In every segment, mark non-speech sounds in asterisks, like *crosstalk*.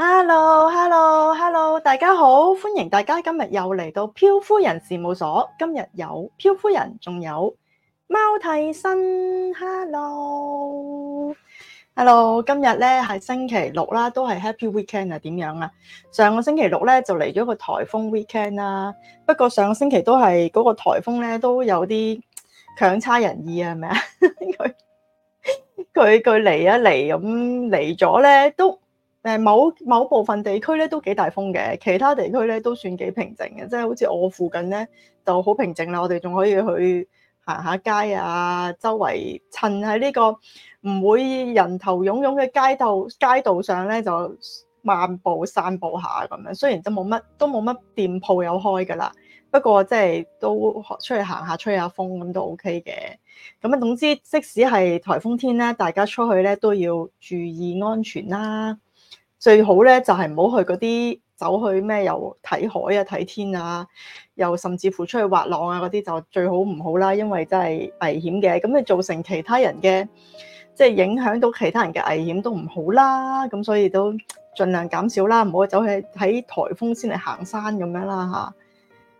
hello hello hello，大家好，歡迎大家今日又嚟到漂夫人事務所。今日有漂夫人，仲有貓替身。hello hello，今日呢係星期六啦，都係 happy weekend 呀，點樣呀？上個星期六呢就嚟咗個颱風 weekend 呀，不過上個星期都係嗰個颱風呢都有啲強差人意呀，係咪呀？佢佢佢嚟一嚟噉嚟咗呢都誒，某某部分地區咧都幾大風嘅，其他地區咧都算幾平靜嘅，即係好似我附近咧就好平靜啦。我哋仲可以去行下街啊，周圍趁喺呢個唔會人頭湧湧嘅街道街道上咧，就漫步散步下咁樣。雖然即冇乜都冇乜店鋪有開噶啦，不過即係都出去行下吹下風咁都 OK 嘅。咁啊，總之即使係颱風天咧，大家出去咧都要注意安全啦。最好咧就係唔好去嗰啲，走去咩又睇海啊睇天啊，又甚至乎出去滑浪啊嗰啲就最好唔好啦，因為真係危險嘅。咁你造成其他人嘅，即係影響到其他人嘅危險都唔好啦。咁所以都盡量減少啦，唔好走去睇颱風先嚟行山咁樣啦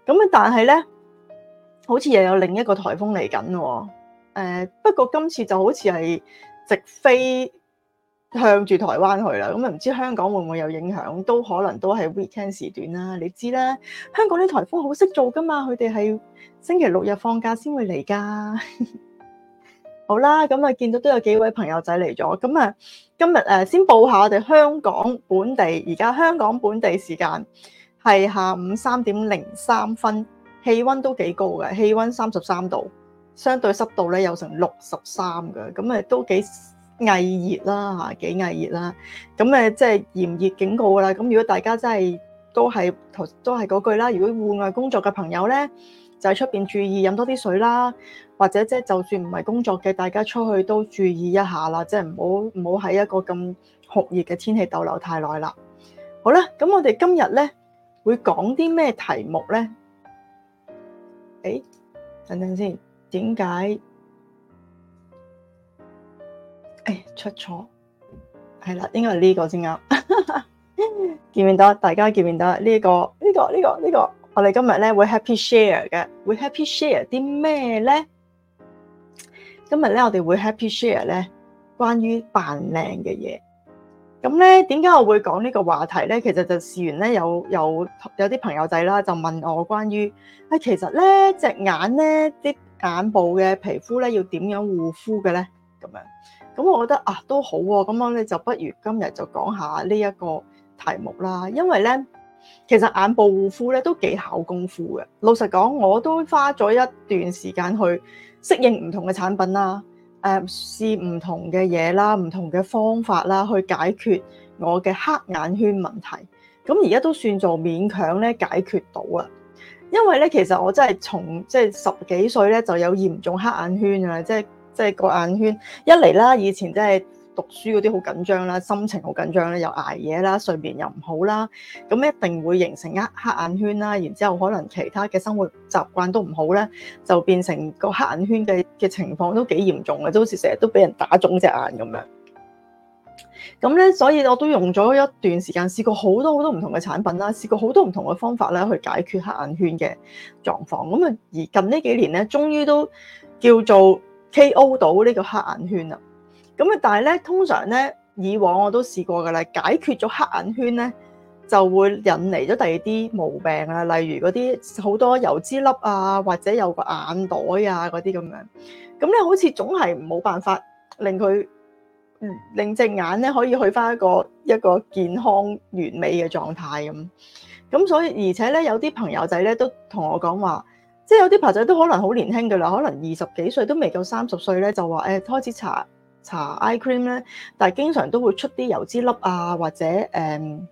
吓，咁但係咧，好似又有另一個颱風嚟緊喎。誒，不過今次就好似係直飛。向住台灣去啦，咁啊唔知香港會唔會有影響？都可能都係 weekend 時段啦，你知啦。香港啲颱風好識做噶嘛，佢哋係星期六日放假先會嚟噶。 *laughs* 好啦，咁啊見到都有幾位朋友仔嚟咗，咁啊今日誒先報下我哋香港本地，而家香港本地時間係下午三點零三分，氣温都幾高嘅，氣温三十三度，相對濕度咧有成六十三嘅，咁啊都幾危熱啦嚇，幾危熱啦，咁誒即係炎熱警告啦。咁如果大家真係都係同都係嗰句啦，如果戶外工作嘅朋友咧，就喺出邊注意飲多啲水啦，或者即係就算唔係工作嘅，大家出去都注意一下啦，即係唔好唔好喺一個咁酷熱嘅天氣逗留太耐啦。好啦，咁我哋今日咧會講啲咩題目咧？誒，等等先，點解？哎、出錯係啦，應該係呢個先啱 *laughs* 見面到？大家見面得呢個呢、呢個呢、呢個呢、呢個。我哋今日咧會 happy share 嘅，會 happy share 啲咩咧？今日咧我哋會 happy share 咧，關於扮靚嘅嘢。咁咧，點解我會講呢個話題咧？其實就試完咧，有有有啲朋友仔啦，就問我關於啊、哎，其實咧隻眼咧啲眼部嘅皮膚咧要點樣護膚嘅咧，咁樣。咁我覺得啊都好喎、啊，咁我咧就不如今日就講下呢一個題目啦，因為咧其實眼部護膚咧都幾考功夫嘅。老實講，我都花咗一段時間去適應唔同嘅產品啦，誒試唔同嘅嘢啦，唔同嘅方法啦，去解決我嘅黑眼圈問題。咁而家都算做勉強咧解決到啊，因為咧其實我真係從即係十幾歲咧就有嚴重黑眼圈啊，即係。即係個眼圈，一嚟啦，以前即係讀書嗰啲好緊張啦，心情好緊張啦，又捱夜啦，睡眠又唔好啦，咁一定會形成黑黑眼圈啦。然之後可能其他嘅生活習慣都唔好咧，就變成個黑眼圈嘅嘅情況都幾嚴重嘅，就好似成日都俾人打腫隻眼咁樣。咁咧，所以我都用咗一段時間，試過好多好多唔同嘅產品啦，試過好多唔同嘅方法咧，去解決黑眼圈嘅狀況。咁啊，而近呢幾年咧，終於都叫做～KO 到呢個黑眼圈啊，咁啊，但係咧，通常咧，以往我都試過噶啦，解決咗黑眼圈咧，就會引嚟咗第二啲毛病啊，例如嗰啲好多油脂粒啊，或者有個眼袋啊嗰啲咁樣，咁咧，好似總係冇辦法令佢，令隻眼咧可以去返一個一個健康完美嘅狀態咁，咁所以而且咧，有啲朋友仔咧都同我講話。即係有啲朋仔都可能好年輕嘅啦，可能二十幾歲都未夠三十歲咧，就話誒、哎、開始搽搽 eye cream 咧，但係經常都會出啲油脂粒啊，或者誒、嗯、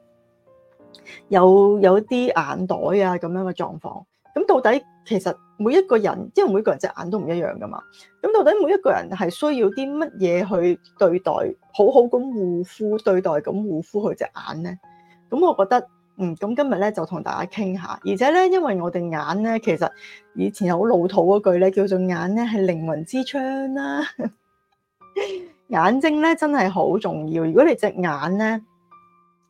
有有啲眼袋啊咁樣嘅狀況。咁到底其實每一個人，因為每個人隻眼都唔一樣噶嘛，咁到底每一個人係需要啲乜嘢去對待，好好咁護膚，對待咁護膚佢隻眼咧？咁我覺得。嗯，咁今日咧就同大家傾下，而且咧，因為我哋眼咧，其實以前有好老土嗰句咧，叫做眼咧係靈魂之窗啦、啊。 *laughs* 眼睛咧真係好重要，如果你隻眼咧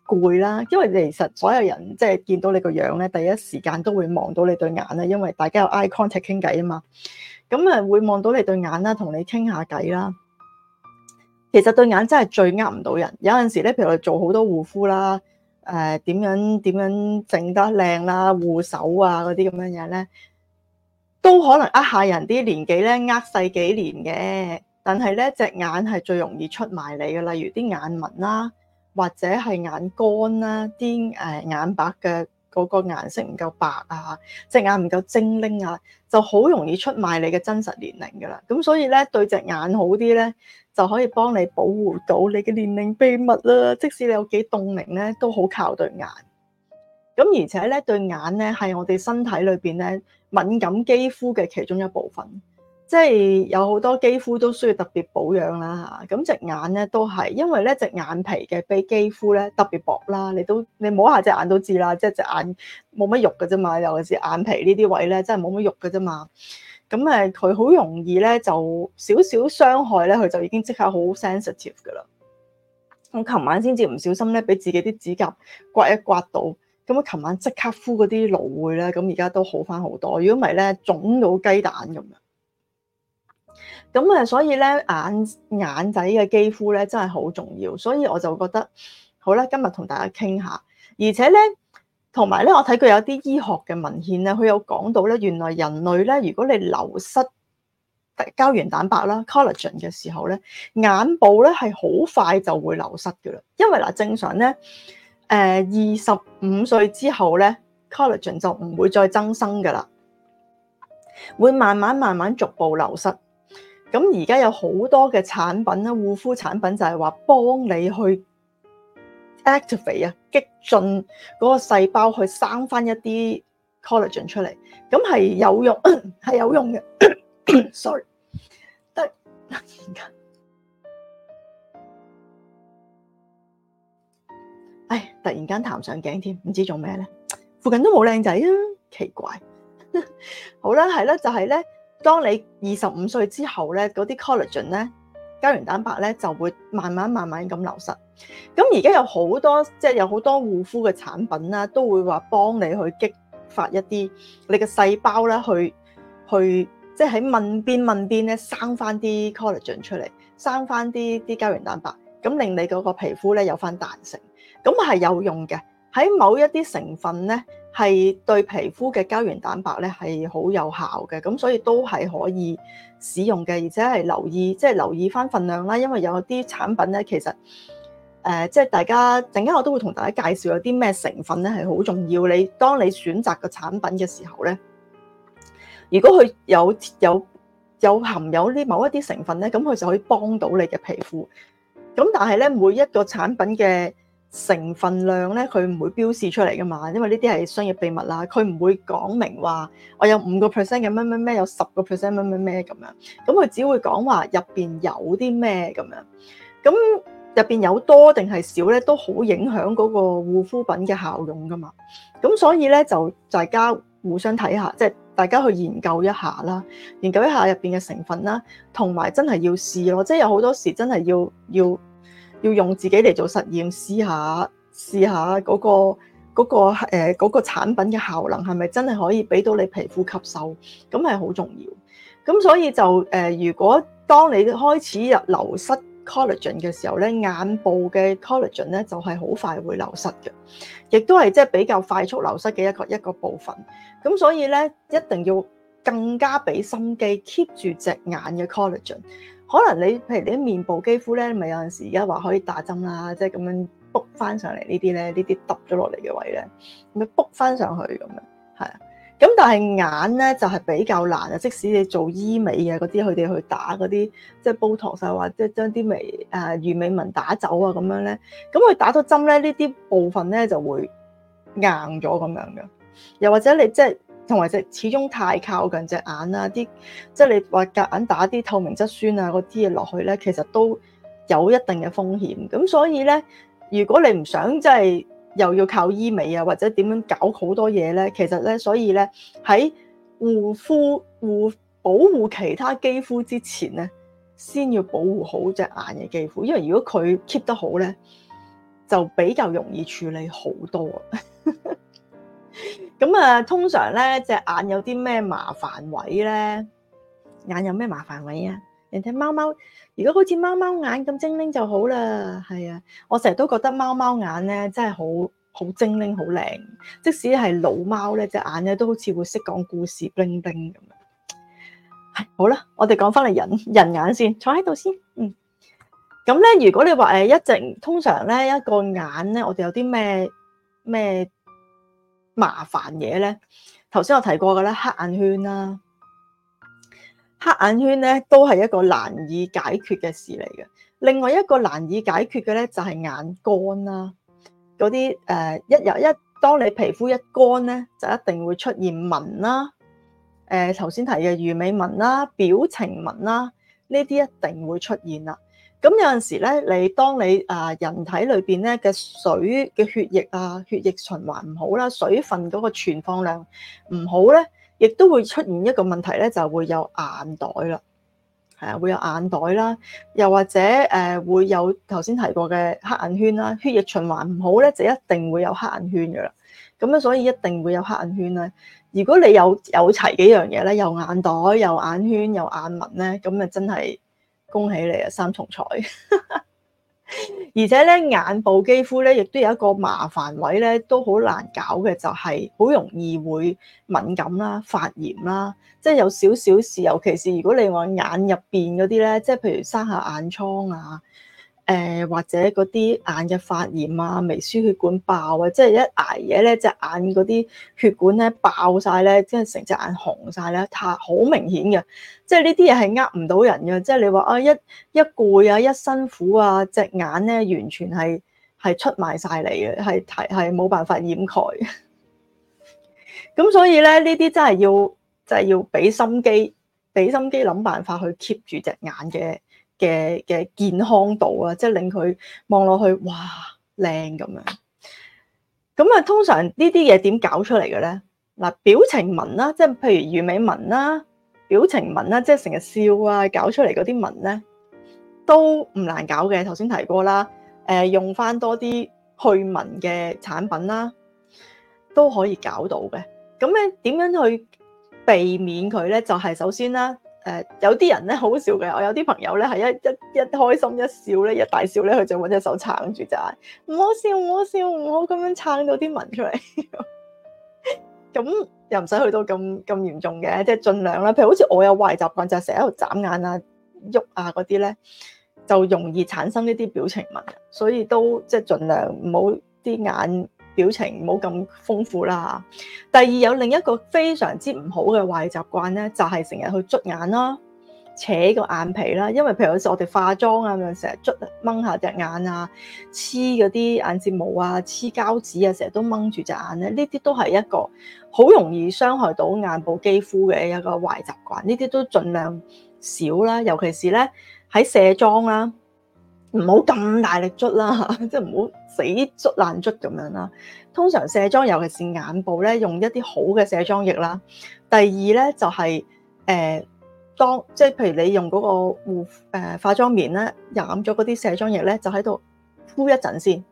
攰啦，因為其實所有人即係見到你個樣咧，第一時間都會望到你對眼咧，因為大家有 eye contact 傾偈啊嘛。咁啊，會望到你對眼啦，同你傾下偈啦。其實對眼真係最呃唔到人，有陣時咧，譬如我哋做好多護膚啦。誒，點樣點樣整得靚啦、護手啊嗰啲咁樣嘢咧，都可能呃下人啲年紀咧，呃細幾年嘅，但係咧，隻眼係最容易出賣你嘅，例如啲眼紋啦，或者係眼乾啦，啲誒眼白嘅嗰個顏色唔夠白啊，隻眼唔夠精靈啊，就好容易出賣你嘅真實年齡噶啦，咁所以咧，對隻眼好啲咧。就可以幫你保護到你嘅年齡秘密啦。即使你有幾凍齡咧，都好靠對眼。咁而且咧，對眼咧係我哋身體裏邊咧敏感肌膚嘅其中一部分。即係有好多肌膚都需要特別保養啦嚇。咁隻眼咧都係，因為咧隻眼皮嘅比肌膚咧特別薄啦。你都你摸下隻眼都知啦，即係隻眼冇乜肉㗎啫嘛。尤其是眼皮呢啲位咧，真係冇乜肉㗎啫嘛。咁佢好容易咧，就少少傷害咧，佢就已經即刻好 sensitive 噶啦。我琴晚先至唔小心咧，俾自己啲指甲刮一刮到，咁啊，琴晚即刻敷嗰啲蘆薈咧，咁而家都好返好多。如果唔係咧，腫到雞蛋咁樣。咁所以咧眼眼仔嘅肌膚咧真係好重要，所以我就覺得好啦，今日同大家傾下，而且咧。同埋咧，我睇佢有啲醫學嘅文獻咧，佢有講到咧，原來人類咧，如果你流失膠原蛋白啦 （collagen） 嘅時候咧，眼部咧係好快就會流失嘅啦。因為嗱正常咧，誒二十五歲之後咧，collagen 就唔會再增生噶啦，會慢慢慢慢逐步流失。咁而家有好多嘅產品咧，護膚產品就係話幫你去 activate 啊。激進嗰個細胞去生翻一啲 collagen 出嚟，咁係有用，係有用嘅。 *coughs* Sorry，得突然間，唉，突然間談上頸添，唔知做咩咧？附近都冇靚仔啊，奇怪。 *laughs* 好啦，啊，係啦，就係、是、咧，當你二十五歲之後咧，嗰啲 collagen 咧，膠原蛋白咧，就會慢慢慢慢咁流失。咁而家有好多即係有好多護膚嘅產品啦，都會話幫你去激發一啲你嘅細胞咧，去去即係喺問邊問邊咧生翻啲 collagen 出嚟，生翻啲啲膠原蛋白，咁令你嗰個皮膚咧有翻彈性，咁係有用嘅。喺某一啲成分咧，係對皮膚嘅膠原蛋白咧係好有效嘅，咁所以都係可以使用嘅，而且係留意即係、就是、留意翻份量啦，因為有啲產品咧其實。誒、呃，即係大家，陣間我都會同大家介紹有啲咩成分咧係好重要的。你當你選擇個產品嘅時候咧，如果佢有有有含有啲某一啲成分咧，咁佢就可以幫到你嘅皮膚。咁但係咧，每一個產品嘅成分量咧，佢唔會標示出嚟㗎嘛，因為呢啲係商業秘密啦。佢唔會講明話我有五個 percent 嘅咩咩咩，有十個 percent 咩咩咩咁樣。咁佢只會講話入邊有啲咩咁樣。咁入邊有多定係少咧，都好影響嗰個護膚品嘅效用噶嘛。咁所以咧就大家互相睇下，即係大家去研究一下啦，研究一下入邊嘅成分啦，同埋真係要試咯。即係有好多時真係要要要用自己嚟做實驗，試下試下嗰個嗰個誒嗰個產品嘅效能係咪真係可以俾到你皮膚吸收，咁係好重要。咁所以就誒，如果當你開始入流失。collagen 嘅時候咧，眼部嘅 collagen 咧就係好快會流失嘅，亦都係即係比較快速流失嘅一個一個部分。咁所以咧，一定要更加俾心機 keep 住隻眼嘅 collagen。可能你譬如你啲面部肌膚咧，咪有陣時而家話可以打針啦，即係咁樣 book 翻上嚟呢啲咧，呢啲揼咗落嚟嘅位咧，咪 book 翻上去咁樣，係啊。咁但係眼咧就係比較難啊！即使你做醫美啊嗰啲，佢哋去打嗰啲即係玻妥曬，或者將啲眉誒魚尾紋打走啊咁樣咧，咁佢打到針咧，呢啲部分咧就會硬咗咁樣嘅。又或者你即係同埋隻始終太靠近隻眼啦，啲即係你話夾硬打啲透明質酸啊嗰啲嘢落去咧，其實都有一定嘅風險。咁所以咧，如果你唔想即係。就是又要靠醫美啊，或者點樣搞好多嘢咧？其實咧，所以咧喺護膚護保護其他肌膚之前咧，先要保護好隻眼嘅肌膚，因為如果佢 keep 得好咧，就比較容易處理好多。咁 *laughs* 啊，通常咧隻眼有啲咩麻煩位咧？眼有咩麻煩位啊？人睇貓貓，如果好似貓貓眼咁精靈就好啦，係啊！我成日都覺得貓貓眼咧，真係好好精靈、好靚。即使係老貓咧，隻眼咧都好似會識講故事、叮叮咁。係好啦，我哋講翻嚟人人眼先，坐喺度先。嗯，咁咧，如果你話一直，通常咧一個眼咧，我哋有啲咩咩麻煩嘢咧？頭先我提過嘅咧，黑眼圈啦、啊。黑眼圈咧都係一個難以解決嘅事嚟嘅。另外一個難以解決嘅咧就係、是、眼乾啦，嗰啲誒一日一當你皮膚一乾咧，就一定會出現紋啦。誒頭先提嘅魚尾紋啦、表情紋啦，呢啲一定會出現啦。咁有陣時咧，你當你誒、呃、人體裏邊咧嘅水嘅血液啊、血液循環唔好啦、水分嗰個存放量唔好咧，亦都會出現一個問題咧，就會有眼袋啦，係啊，會有眼袋啦，又或者誒會有頭先提過嘅黑眼圈啦，血液循環唔好咧，就一定會有黑眼圈嘅啦。咁咧，所以一定會有黑眼圈啦。如果你有有齊幾樣嘢咧，有眼袋、有眼圈、有眼紋咧，咁啊真係恭喜你啊，三重彩！ *laughs* 而且咧眼部肌膚咧，亦都有一個麻煩位咧，都好難搞嘅，就係好容易會敏感啦、發炎啦，即係有少少事，尤其是如果你話眼入邊嗰啲咧，即係譬如生下眼瘡啊。誒、呃、或者嗰啲眼嘅發炎啊、微輸血管爆啊，即係一捱嘢咧隻眼嗰啲血管咧爆晒咧，即係成隻眼紅晒咧，睇好明顯嘅。即係呢啲嘢係呃唔到人嘅。即係你話啊，一一攰啊，一辛苦啊，隻眼咧完全係係出埋晒嚟嘅，係係冇辦法掩蓋。咁 *laughs* 所以咧呢啲真係要真係、就是、要俾心機，俾心機諗辦法去 keep 住隻眼嘅。嘅嘅健康度啊，即係令佢望落去哇靚咁樣。咁啊，通常呢啲嘢點搞出嚟嘅咧？嗱，表情紋啦，即係譬如魚尾紋啦，表情紋啦，即係成日笑啊搞出嚟嗰啲紋咧，都唔難搞嘅。頭先提過啦，誒，用翻多啲去紋嘅產品啦，都可以搞到嘅。咁咧，點樣去避免佢咧？就係首先啦。誒、呃、有啲人咧好笑嘅，我有啲朋友咧係一一一開心一笑咧，一大笑咧，佢就揾隻手撐住隻眼，唔好笑，唔好笑，唔好咁樣撐到啲紋出嚟。咁 *laughs* 又唔使去到咁咁嚴重嘅，即、就、係、是、盡量啦。譬如好似我有壞習慣就係成日喺度眨眼啊、喐啊嗰啲咧，就容易產生一啲表情紋，所以都即係、就是、盡量唔好啲眼。表情唔好咁豐富啦。第二有另一個非常之唔好嘅壞習慣咧，就係成日去捽眼啦、扯個眼皮啦。因為譬如有時我哋化妝啊，咁樣成日捽掹下隻眼啊，黐嗰啲眼睫毛啊，黐膠紙啊，成日都掹住隻眼咧、啊。呢啲都係一個好容易傷害到眼部肌膚嘅一個壞習慣。呢啲都盡量少啦，尤其是咧喺卸妝啦、啊。唔好咁大力捽啦，即係唔好死捽爛捽咁樣啦。通常卸妝，尤其是眼部咧，用一啲好嘅卸妝液啦。第二咧就係、是、誒、呃，當即係譬如你用嗰個護誒化妝棉咧，染咗嗰啲卸妝液咧，就喺度敷一陣先，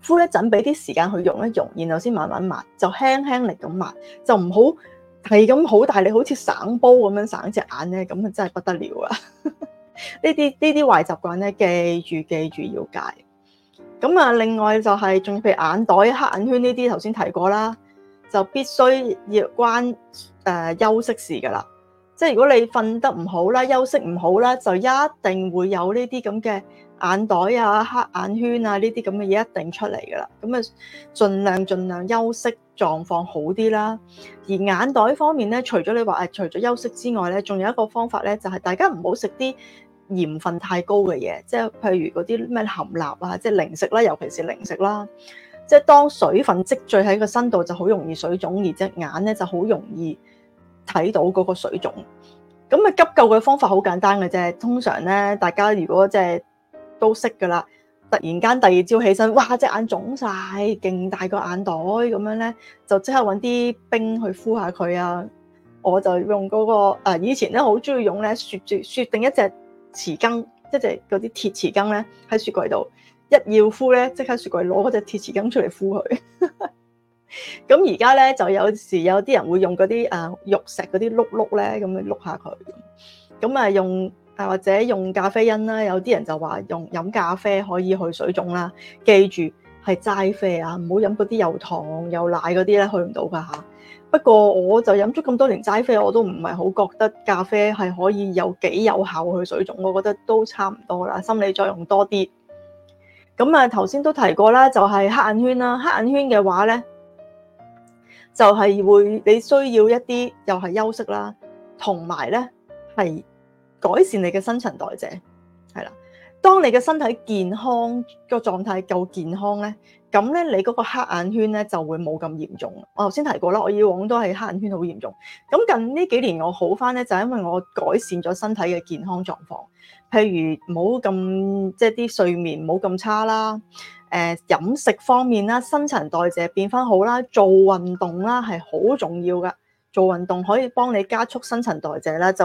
敷一陣俾啲時間去溶一溶，然後先慢慢抹，就輕輕力咁抹，就唔好係咁好大力，好似省煲咁樣省隻眼咧，咁啊真係不得了啊！這些這些壞習慣呢啲呢啲壞習慣咧，記住記住要戒。咁啊，另外就係仲譬如眼袋、黑眼圈呢啲，頭先提過啦，就必須要關誒、呃、休息事噶啦。即係如果你瞓得唔好啦、休息唔好啦，就一定會有呢啲咁嘅眼袋啊、黑眼圈啊呢啲咁嘅嘢一定出嚟噶啦。咁啊，盡量盡量休息，狀況好啲啦。而眼袋方面咧，除咗你話誒，除咗休息之外咧，仲有一個方法咧，就係、是、大家唔好食啲。鹽分太高嘅嘢，即係譬如嗰啲咩含鈉啊，即係零食啦，尤其是零食啦，即係當水分積聚喺個身度就好容易水腫，而隻眼咧就好容易睇到嗰個水腫。咁啊，急救嘅方法好簡單嘅啫，通常咧大家如果即係都識㗎啦，突然間第二朝起身，哇隻眼腫晒，勁大個眼袋咁樣咧，就即刻揾啲冰去敷下佢啊！我就用嗰個、誒、啊、以前咧好中意用咧雪住雪定一隻匙羹，一隻嗰啲鐵匙羹咧，喺雪櫃度，一要敷咧，即刻雪櫃攞嗰隻鐵匙羹出嚟敷佢。咁而家咧就有時有啲人會用嗰啲啊玉石嗰啲碌碌咧，咁樣碌下佢。咁啊用啊或者用咖啡因啦，有啲人就話用飲咖啡可以去水腫啦。記住係齋啡啊，唔好飲嗰啲又糖又奶嗰啲咧，去唔到㗎嚇。不過我就飲咗咁多年齋啡，我都唔係好覺得咖啡係可以有幾有效去水腫，我覺得都差唔多啦。心理作用多啲。咁啊，頭先都提過啦，就係、是、黑眼圈啦。黑眼圈嘅話咧，就係、是、會你需要一啲又係休息啦，同埋咧係改善你嘅新陳代謝，係啦。當你嘅身體健康、個狀態夠健康咧，咁咧你嗰個黑眼圈咧就會冇咁嚴重。我頭先提過啦，我以往都係黑眼圈好嚴重。咁近呢幾年我好翻咧，就係、是、因為我改善咗身體嘅健康狀況，譬如冇咁即係啲睡眠冇咁差啦，誒、呃、飲食方面啦，新陳代謝變翻好啦，做運動啦，係好重要噶。做運動可以幫你加速新陳代謝啦，就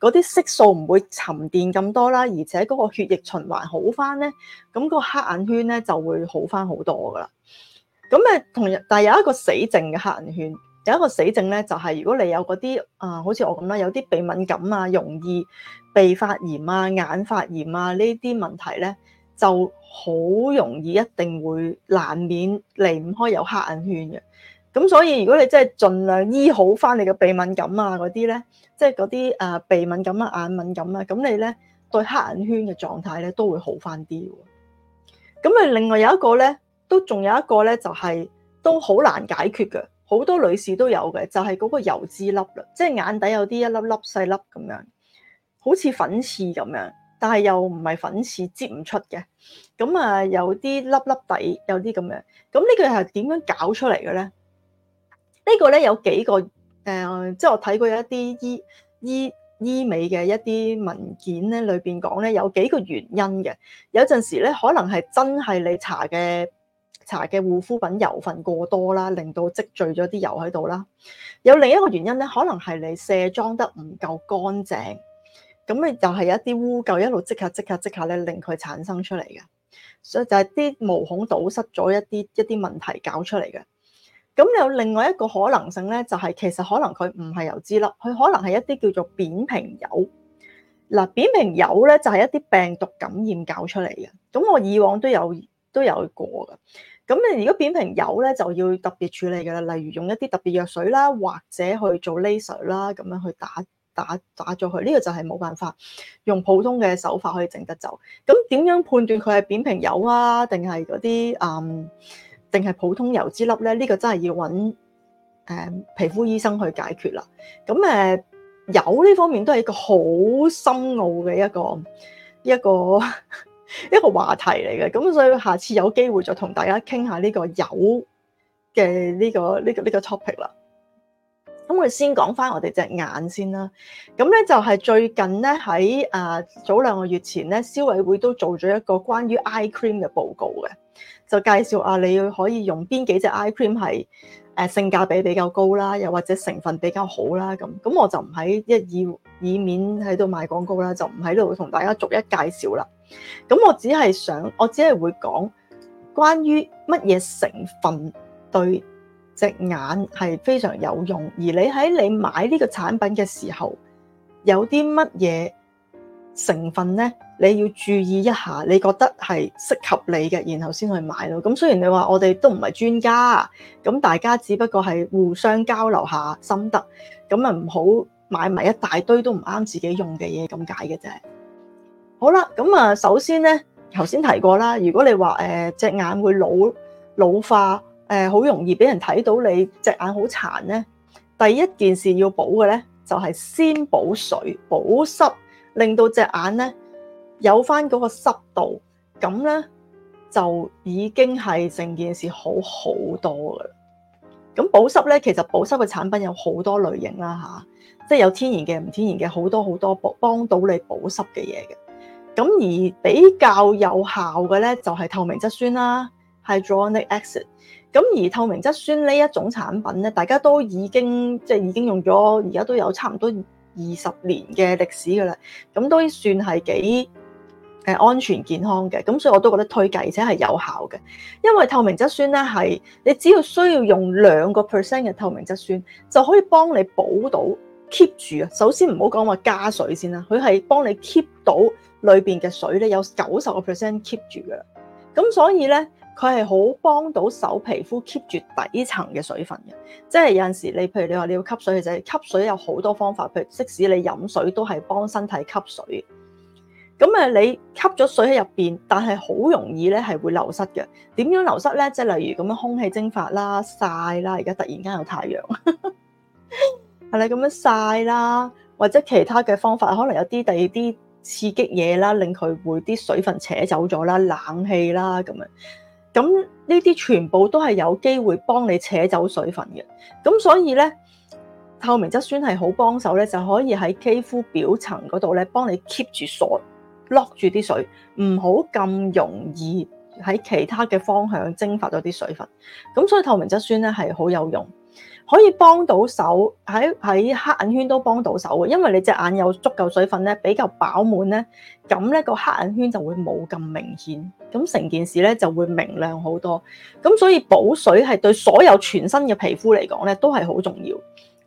嗰啲色素唔會沉澱咁多啦，而且嗰個血液循環好翻咧，咁、那、嗰個黑眼圈咧就會好翻好多噶啦。咁誒，同但係有一個死症嘅黑眼圈，有一個死症咧，就係、是、如果你有嗰啲啊，好似我咁啦，有啲鼻敏感啊，容易鼻發炎啊、眼發炎啊呢啲問題咧，就好容易一定會難免離唔開有黑眼圈嘅。咁所以如果你真係盡量醫好翻你嘅鼻敏感啊嗰啲咧，即係嗰啲啊鼻敏感啊眼敏感啊，咁你咧對黑眼圈嘅狀態咧都會好翻啲。咁啊，另外有一個咧，都仲有一個咧，就係都好難解決嘅，好多女士都有嘅，就係嗰個油脂粒啦，即係眼底有啲一粒粒細粒咁樣，好似粉刺咁樣，但係又唔係粉刺，擠唔出嘅。咁啊，有啲粒粒底，有啲咁樣。咁呢個係點樣搞出嚟嘅咧？呢個咧有幾個誒、呃，即係我睇過有一啲醫醫醫美嘅一啲文件咧，裏邊講咧有幾個原因嘅。有陣時咧，可能係真係你搽嘅搽嘅護膚品油份過多啦，令到積聚咗啲油喺度啦。有另一個原因咧，可能係你卸妝得唔夠乾淨，咁咧就係一啲污垢一路即刻即刻即刻咧令佢產生出嚟嘅，所以就係啲毛孔堵塞咗一啲一啲問題搞出嚟嘅。咁有另外一個可能性咧，就係其實可能佢唔係油脂粒，佢可能係一啲叫做扁平疣。嗱，扁平疣咧就係一啲病毒感染搞出嚟嘅。咁我以往都有都有過㗎。咁你如果扁平疣咧，就要特別處理㗎啦，例如用一啲特別藥水啦，或者去做 laser 啦，咁樣去打打打咗佢。呢個就係冇辦法用普通嘅手法可以整得走。咁點樣判斷佢係扁平疣啊？定係嗰啲嗯？淨係普通油脂粒咧，呢、這個真係要搵誒、呃、皮膚醫生去解決啦。咁誒、呃、油呢方面都係一個好深奧嘅一個一個 *laughs* 一個話題嚟嘅。咁所以下次有機會再同大家傾下呢個油嘅呢、這個呢、這個呢、這個 topic 啦。咁我哋先講翻我哋隻眼先啦。咁咧就係最近咧喺啊早兩個月前咧消委會都做咗一個關於 eye cream 嘅報告嘅。就介紹啊，你要可以用邊幾隻 eye cream 係誒性價比比較高啦，又或者成分比較好啦咁。咁我就唔喺一以以免喺度賣廣告啦，就唔喺度同大家逐一介紹啦。咁我只係想，我只係會講關於乜嘢成分對隻眼係非常有用，而你喺你買呢個產品嘅時候有啲乜嘢成分咧，你要注意一下，你覺得係適合你嘅，然後先去買咯。咁雖然你話我哋都唔係專家，咁大家只不過係互相交流下心得，咁啊唔好買埋一大堆都唔啱自己用嘅嘢咁解嘅啫。好啦，咁啊，首先咧，頭先提過啦。如果你話誒隻眼會老老化，誒、呃、好容易俾人睇到你隻眼好殘咧，第一件事要補嘅咧，就係、是、先補水補濕。保濕，令到隻眼咧有翻嗰個濕度，咁咧就已經係成件事好好多噶啦。咁保濕咧，其實保濕嘅產品有好多類型啦，吓、啊，即、就、係、是、有天然嘅、唔天然嘅，好多好多幫到你保濕嘅嘢嘅。咁而比較有效嘅咧，就係透明質酸啦，係 Hyaluronic Acid。咁而透明質酸呢一種產品咧，大家都已經即係、就是、已經用咗，而家都有差唔多。二十年嘅歷史噶啦，咁都算係幾誒安全健康嘅，咁所以我都覺得推介而且係有效嘅。因為透明質酸咧，係你只要需要用兩個 percent 嘅透明質酸，就可以幫你補到 keep 住啊。首先唔好講話加水先啦，佢係幫你 keep 到裏邊嘅水咧有九十個 percent keep 住噶啦。咁所以咧。佢係好幫到手皮膚 keep 住底層嘅水分嘅，即係有陣時你，譬如你話你要吸水，其實吸水有好多方法，譬如即使你飲水都係幫身體吸水。咁啊，你吸咗水喺入邊，但係好容易咧係會流失嘅。點樣流失咧？即係例如咁樣空氣蒸發啦、曬啦，而家突然間有太陽，係你咁樣曬啦，或者其他嘅方法，可能有啲第二啲刺激嘢啦，令佢會啲水分扯走咗啦、冷氣啦咁樣。咁呢啲全部都係有機會幫你扯走水分嘅，咁所以咧透明質酸係好幫手咧，就可以喺肌膚表層嗰度咧幫你 keep 住鎖，lock 住啲水，唔好咁容易喺其他嘅方向蒸發咗啲水分，咁所以透明質酸咧係好有用。可以幫到手，喺喺黑眼圈都幫到手嘅。因為你隻眼有足夠水分咧，比較飽滿咧，咁咧個黑眼圈就會冇咁明顯，咁成件事咧就會明亮好多，咁所以補水係對所有全身嘅皮膚嚟講咧都係好重要，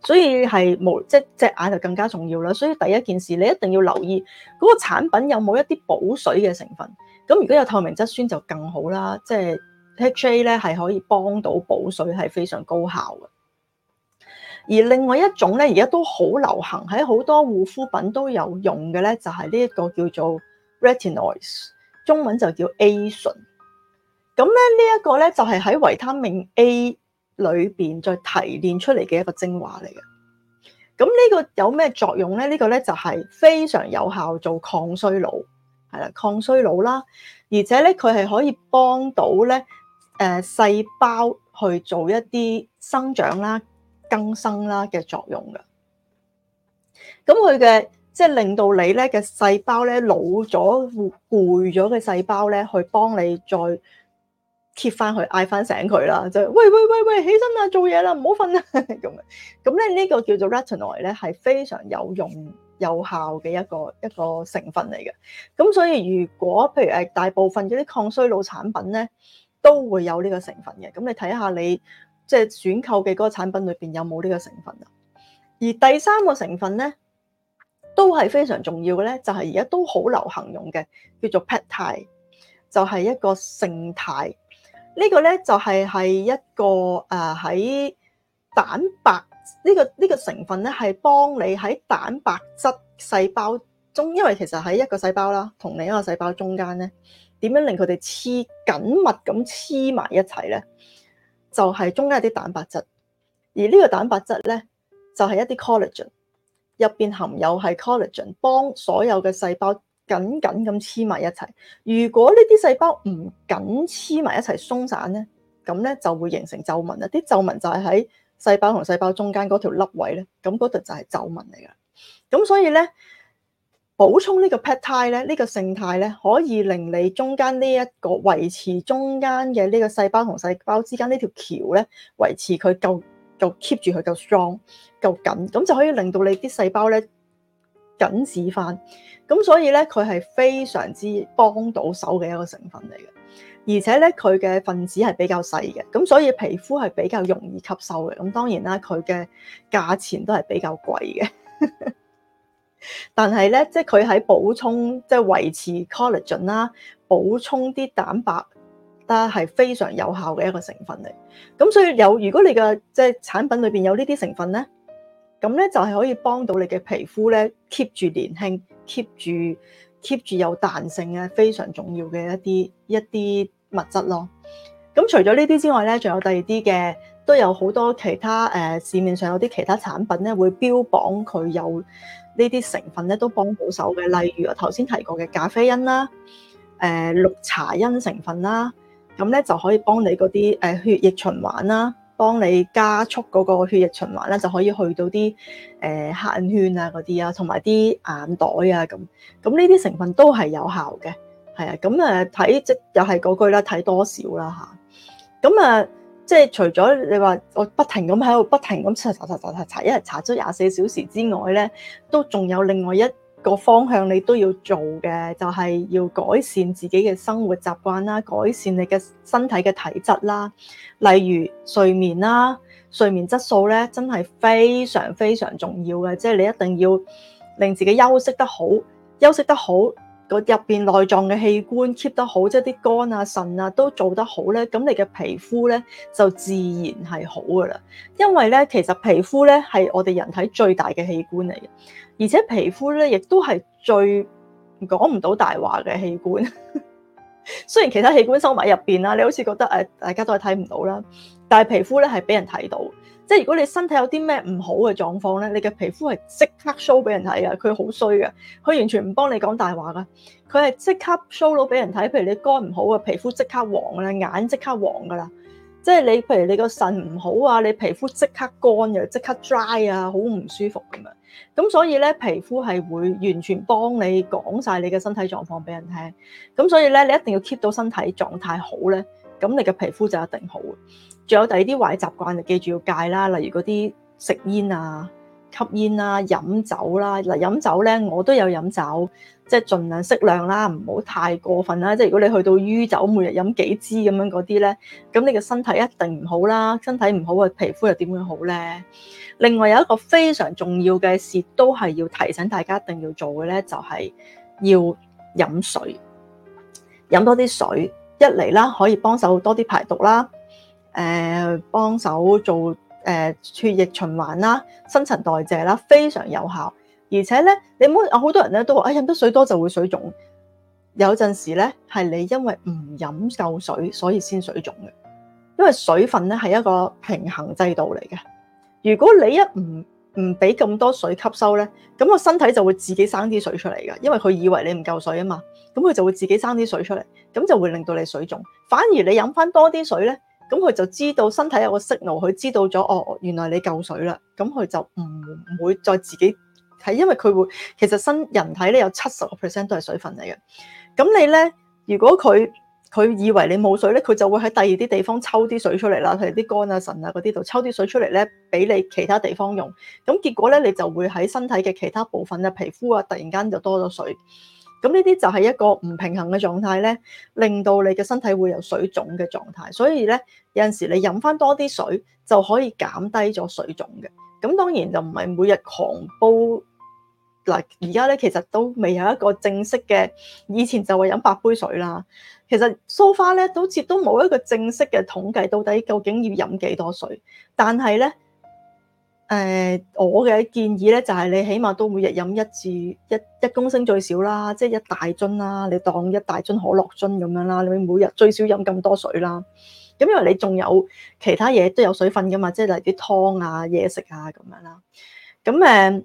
所以係無即係隻眼就更加重要啦。所以第一件事你一定要留意嗰個產品有冇一啲補水嘅成分，咁如果有透明質酸就更好啦，即係 H A 咧係可以幫到補水係非常高效嘅。而另外一種咧，而家都好流行喺好多護膚品都有用嘅咧，就係呢一個叫做 retinoids，中文就叫 A 醇。咁咧呢一個咧就係、是、喺維他命 A 裏邊再提煉出嚟嘅一個精華嚟嘅。咁呢個有咩作用咧？這個、呢個咧就係、是、非常有效做抗衰老，係啦，抗衰老啦。而且咧佢係可以幫到咧誒、呃、細胞去做一啲生長啦。更新啦嘅作用嘅，咁佢嘅即係令到你咧嘅細胞咧老咗、攰咗嘅細胞咧，去幫你再貼翻佢嗌翻醒佢啦，就喂喂喂喂，起身啦，做嘢啦，唔好瞓啦咁樣。咁咧呢個叫做 Retinoid 咧，係非常有用有效嘅一個一個成分嚟嘅。咁所以如果譬如誒大部分嗰啲抗衰老產品咧，都會有呢個成分嘅。咁你睇下你。即係選購嘅嗰個產品裏邊有冇呢個成分啊？而第三個成分咧，都係非常重要嘅咧，就係而家都好流行用嘅，叫做 peptide，就係、是、一個勝肽。呢個咧就係係一個誒喺蛋白呢、呢個呢、呢個成分咧，係幫你喺蛋白質細胞中，因為其實喺一個細胞啦，同另一個細胞中間咧，點樣令佢哋黐緊密咁黐埋一齊咧？就係中間有啲蛋白質，而呢個蛋白質咧，就係一啲 collagen，入邊含有係 collagen，幫所有嘅細胞緊緊咁黐埋一齊。如果呢啲細胞唔緊黐埋一齊，鬆散咧，咁咧就會形成皺紋啦。啲皺紋就係喺細胞同細胞中間嗰條凹位咧，咁嗰度就係皺紋嚟噶。咁所以咧。補充呢個 Peptide 咧，呢、呢個性肽咧，可以令你中間呢一個維持中間嘅呢個細胞同細胞之間呢條橋咧，維持佢夠夠 keep 住佢夠 strong 夠緊，咁就可以令到你啲細胞咧緊緻翻。咁所以咧，佢係非常之幫到手嘅一個成分嚟嘅。而且咧，佢嘅分子係比較細嘅，咁所以皮膚係比較容易吸收嘅。咁當然啦，佢嘅價錢都係比較貴嘅。 *laughs* 但係咧，即係佢喺補充，即係維持 collagen 啦，補充啲蛋白，咧係非常有效嘅一個成分嚟。咁所以有，如果你嘅即係產品裏邊有呢啲成分咧，咁咧就係可以幫到你嘅皮膚咧，keep 住年輕，keep 住 keep 住有彈性呀，非常重要嘅一啲一啲物質咯。咁除咗呢啲之外咧，仲有第二啲嘅，都有好多其他誒、呃、市面上有啲其他產品咧，會標榜佢有。呢啲成分咧都幫到手嘅，例如我頭先提過嘅咖啡因啦，誒、呃、綠茶因成分啦，咁咧就可以幫你嗰啲誒血液循環啦，幫你加速嗰個血液循環啦，就可以去到啲誒黑眼圈啊嗰啲啊，同埋啲眼袋啊咁。咁呢啲成分都係有效嘅，係啊，咁誒睇即又係嗰句啦，睇多少啦嚇，咁誒。即係除咗你話我不停咁喺度不停咁查查查查查查，一日查咗廿四小時之外咧，都仲有另外一個方向你都要做嘅，就係要改善自己嘅生活習慣啦，改善你嘅身體嘅體質啦，例如睡眠啦，睡眠質素咧真係非常非常重要嘅，即係你一定要令自己休息得好，休息得好。個入邊內臟嘅器官 keep 得好，即係啲肝啊、腎啊都做得好咧，咁你嘅皮膚咧就自然係好噶啦。因為咧，其實皮膚咧係我哋人體最大嘅器官嚟嘅，而且皮膚咧亦都係最講唔到大話嘅器官。 *laughs* 雖然其他器官收埋入邊啦，你好似覺得誒、呃，大家都係睇唔到啦，但係皮膚咧係俾人睇到。即係如果你身體有啲咩唔好嘅狀況咧，你嘅皮膚係即刻 show 俾人睇嘅，佢好衰嘅，佢完全唔幫你講大話嘅，佢係即刻 show 到俾人睇。譬如你肝唔好啊，皮膚即刻黃啦，眼即刻黃噶啦。即係你譬如你個腎唔好啊，你皮膚即刻乾啊，即刻 dry 啊，好唔舒服咁樣。咁所以咧，皮膚係會完全幫你講晒你嘅身體狀況俾人聽。咁所以咧，你一定要 keep 到身體狀態好咧，咁你嘅皮膚就一定好。仲有第二啲壞習慣，就記住要戒啦。例如嗰啲食煙啊、吸煙啊、飲酒啦、啊。嗱，飲酒咧，我都有飲酒，即係盡量適量啦，唔好太過分啦。即係如果你去到酗酒，每日飲幾支咁樣嗰啲咧，咁你嘅身體一定唔好啦。身體唔好嘅皮膚又點樣好咧？另外有一個非常重要嘅事，都係要提醒大家一定要做嘅咧，就係、是、要飲水，飲多啲水，一嚟啦可以幫手多啲排毒啦。誒，幫手、呃、做誒、呃、血液循環啦、新陳代謝啦，非常有效。而且咧，你唔好好多人咧都話，啊、哎，飲得水多就會水腫。有陣時咧，係你因為唔飲夠水，所以先水腫嘅。因為水分咧係一個平衡制度嚟嘅。如果你一唔唔俾咁多水吸收咧，咁個身體就會自己生啲水出嚟㗎。因為佢以為你唔夠水啊嘛，咁佢就會自己生啲水出嚟，咁就會令到你水腫。反而你飲翻多啲水咧。咁佢就知道身體有個 signal，佢知道咗哦，原來你夠水啦，咁佢就唔會再自己喺，因為佢會其實身人體咧有七十個 percent 都係水分嚟嘅。咁你咧，如果佢佢以為你冇水咧，佢就會喺第二啲地方抽啲水出嚟啦，例如啲肝啊，神啊那些、腎啊嗰啲度抽啲水出嚟咧，俾你其他地方用。咁結果咧，你就會喺身體嘅其他部分嘅皮膚啊，突然間就多咗水。咁呢啲就係一個唔平衡嘅狀態咧，令到你嘅身體會有水腫嘅狀態。所以咧有陣時你飲翻多啲水就可以減低咗水腫嘅。咁當然就唔係每日狂煲嗱。而家咧其實都未有一個正式嘅，以前就話飲八杯水啦。其實 so far 咧都似都冇一個正式嘅統計，到底究竟要飲幾多水？但係咧。誒、呃，我嘅建議咧就係、是、你起碼都每日飲一至一一公升最少啦，即係一大樽啦，你當一大樽可樂樽咁樣啦，你會每日最少飲咁多水啦。咁因為你仲有其他嘢都有水分噶嘛，即係例如啲湯啊、嘢食啊咁樣啦。咁誒，飲、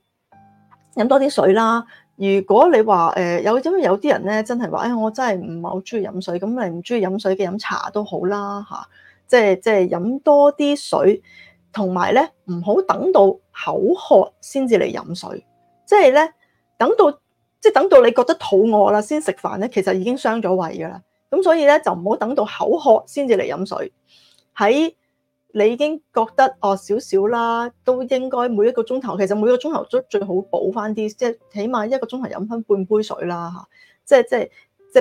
呃、多啲水啦。如果你話誒有，因為有啲人咧真係話，誒、哎、我真係唔係好中意飲水，咁你唔中意飲水嘅飲茶都好啦，吓、啊，即係即係飲多啲水。同埋咧，唔好等到口渴先至嚟飲水，即係咧等到即係、即係、等到你覺得肚餓啦，先食飯咧，其實已經傷咗胃噶啦。咁所以咧就唔好等到口渴先至嚟飲水。喺你已經覺得哦少少啦，都應該每一個鐘頭，其實每一個鐘頭都最好補翻啲，即係、即係、起碼一個鐘頭飲翻半杯水啦嚇。即係即係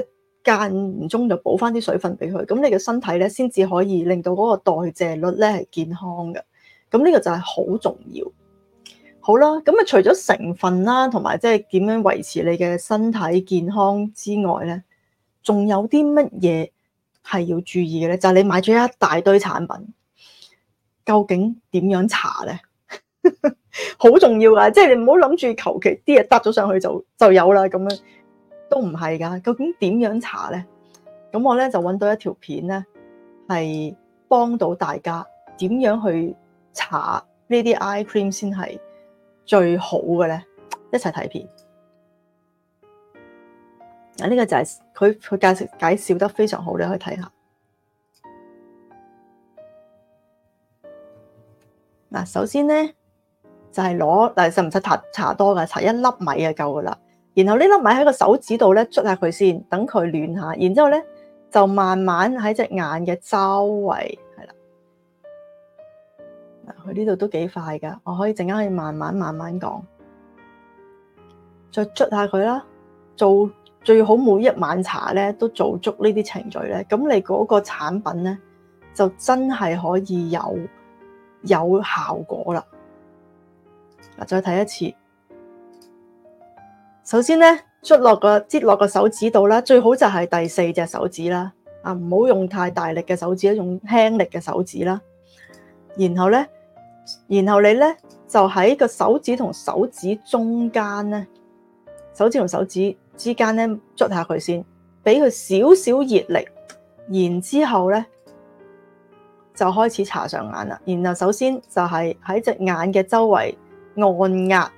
即間唔中就補翻啲水分俾佢，咁你嘅身體咧先至可以令到嗰個代謝率咧係健康嘅。咁呢個就係好重要，好啦，咁啊除咗成分啦，同埋即係點樣維持你嘅身體健康之外咧，仲有啲乜嘢係要注意嘅咧？就係你買咗一大堆產品，究竟點樣查咧？好 *laughs* 重要噶，即係你唔好諗住求其啲嘢搭咗上去就就有啦，咁樣都唔係噶。究竟點樣查咧？咁我咧就揾到一條片咧，係幫到大家點樣去。搽呢啲 eye cream 先係最好嘅咧，一齊睇片。嗱、啊，呢、這個就係佢佢介紹介紹得非常好，你可以睇下。嗱、啊，首先咧就係、是、攞但嗱，使唔使搽搽多㗎？搽一粒米就夠㗎喇。然後呢粒米喺個手指度咧捽下佢先，等佢暖下。然之後咧就慢慢喺隻眼嘅周圍。佢呢度都幾快㗎，我可以陣間可以慢慢慢慢講，再捽下佢啦。做最好每一晚茶咧，都做足呢啲程序咧，咁你嗰個產品咧就真係可以有有效果啦。嗱，再睇一次，首先咧，捽落個擠落個手指度啦，最好就係第四隻手指啦。啊，唔好用太大力嘅手指，用輕力嘅手指啦，然後咧。然後你咧就喺個手指同手指中間咧，手指同手指之間咧捽下佢先，俾佢少少熱力，然之後咧就開始搽上眼啦。然後首先就係喺隻眼嘅周圍按壓，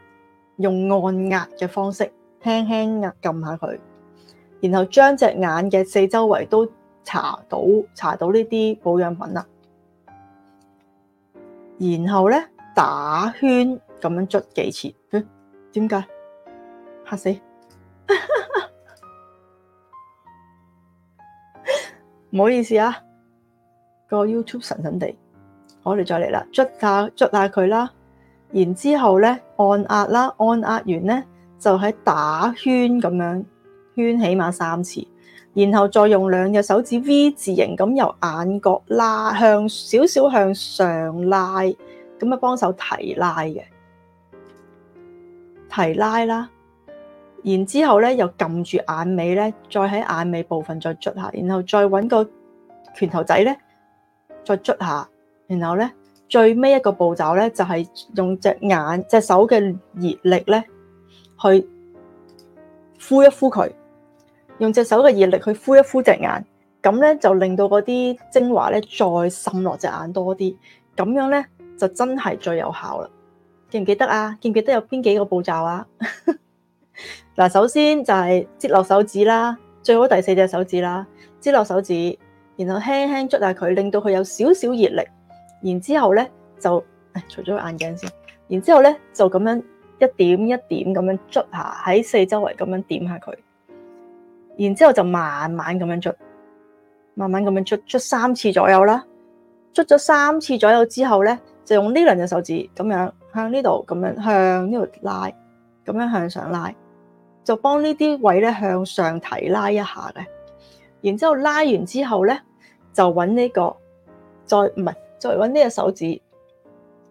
用按壓嘅方式輕輕壓撳下佢，然後將隻眼嘅四周圍都搽到，搽到呢啲保養品啦。然後咧打圈咁樣捽幾次，點解吓死？唔 *laughs* 好意思啊，個 YouTube 神神地。我哋再嚟啦，捽下捽下佢啦。然之後咧按壓啦，按壓完咧就喺打圈咁樣圈，起碼三次。然後再用兩隻手指 V 字形，咁由眼角拉向少少向上拉，咁啊幫手提拉嘅提拉啦。然之後咧又撳住眼尾咧，再喺眼尾部分再捽下，然後再揾個拳頭仔咧再捽下。然後咧最尾一個步驟咧就係、是、用隻眼隻手嘅熱力咧去敷一敷佢。用隻手嘅熱力去敷一敷隻眼，咁咧就令到嗰啲精華咧再滲落隻眼多啲，咁樣咧就真係最有效啦。記唔記得啊？記唔記得有邊幾個步驟啊？嗱， *laughs* 首先就係擠落手指啦，最好第四隻手指啦，擠落手指，然後輕輕捽下佢，令到佢有少少熱力。然之後咧就誒，除咗個眼鏡先。然之後咧就咁樣一點一點咁樣捽下，喺四周圍咁樣點下佢。然之後就慢慢咁樣捽，慢慢咁樣捽，捽三次左右啦。捽咗三次左右之後咧，就用呢兩隻手指咁樣向呢度咁樣向呢度拉，咁樣向上拉，就幫呢啲位咧向上提拉一下嘅。然之後拉完之後咧，就揾呢個，再唔係再揾呢隻手指，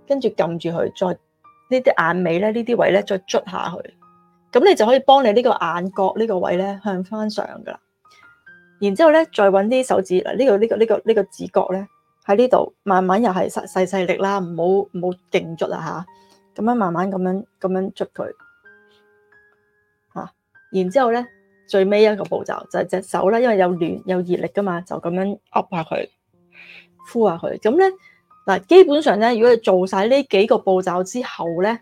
跟住撳住佢，再呢啲眼尾咧，呢啲位咧再捽下去。咁你就可以幫你呢個眼角呢個位咧向翻上噶啦，然之後咧再揾啲手指嗱呢個呢個呢個呢個指角咧喺呢度慢慢又係細細細力啦，唔好唔好勁捽啦吓，咁樣慢慢咁樣咁樣捽佢吓，然之後咧最尾一個步驟就係隻手啦，因為有暖有熱力噶嘛，就咁樣壓下佢，敷下佢，咁咧嗱基本上咧，如果你做晒呢幾個步驟之後咧。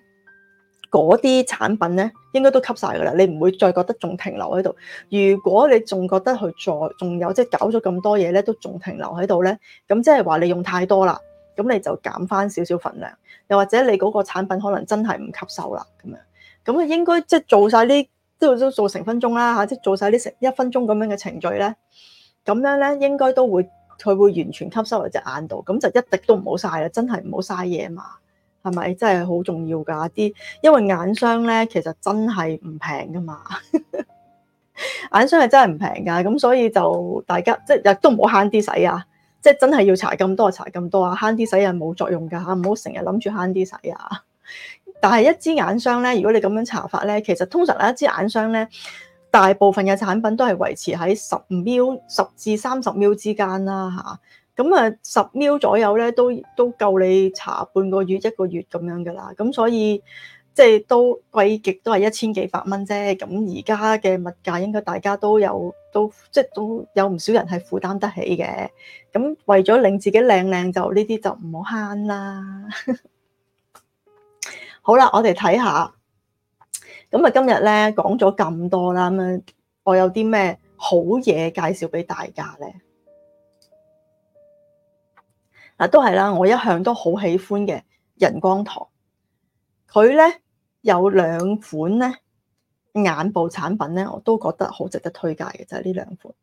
嗰啲產品咧，應該都吸晒㗎啦。你唔會再覺得仲停留喺度。如果你仲覺得佢再仲有，即係搞咗咁多嘢咧，都仲停留喺度咧，咁即係話你用太多啦，咁你就減翻少少份量，又或者你嗰個產品可能真係唔吸收啦咁樣。咁咧應該即係做晒呢都都做成分鐘啦嚇，即係做晒呢，成一分鐘咁樣嘅程序咧，咁樣咧應該都會佢會完全吸收喺隻眼度，咁就一滴都唔好嘥啦，真係唔好嘥嘢嘛。係咪真係好重要噶啲？因為眼霜咧，其實真係唔平噶嘛。 *laughs* 眼霜係真係唔平噶，咁所以就大家即係都唔好慳啲使啊！即係真係要搽咁多，多，搽咁多啊！慳啲使又冇作用噶嚇，唔好成日諗住慳啲使啊！但係一支眼霜咧，如果你咁樣搽法咧，其實通常咧一支眼霜咧，大部分嘅產品都係維持喺十秒十至三十秒之間啦嚇。咁啊，十秒左右咧，都都夠你查半個月一個月咁樣㗎喇。咁所以即係都貴極都係一千幾百蚊啫。咁而家嘅物價應該大家都有，都即係都有唔少人係負擔得起嘅。咁為咗令自己靚靚，就呢啲就唔 *laughs* 好慳啦。好啦，我哋睇下。咁啊，今日咧講咗咁多啦，咁樣我有啲咩好嘢介紹俾大家咧？啊，都係啦！我一向都好喜歡嘅人光堂，佢咧有兩款咧眼部產品咧，我都覺得好值得推介嘅，就係、是、呢兩款。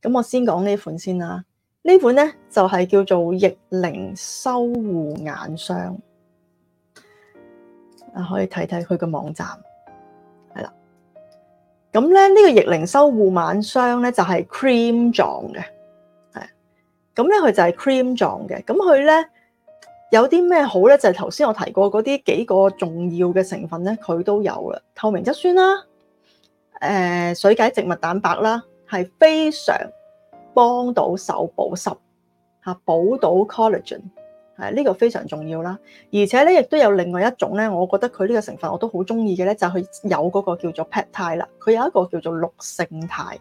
咁我先講呢款先啦。款呢款咧就係、是、叫做逆齡修護眼霜。啊，可以睇睇佢嘅網站，係啦。咁咧呢個逆齡修護眼霜咧就係、是、cream 狀嘅。咁咧佢就係 cream 狀嘅，咁佢咧有啲咩好咧？就係頭先我提過嗰啲幾個重要嘅成分咧，佢都有啦，透明質酸啦，誒、呃、水解植物蛋白啦，係非常幫到手保濕嚇、啊，補到 collagen，係、啊、呢、這個非常重要啦。而且咧亦都有另外一種咧，我覺得佢呢個成分我都好中意嘅咧，就係、是、有嗰個叫做 peptide 肽啦，佢有一個叫做六勝肽。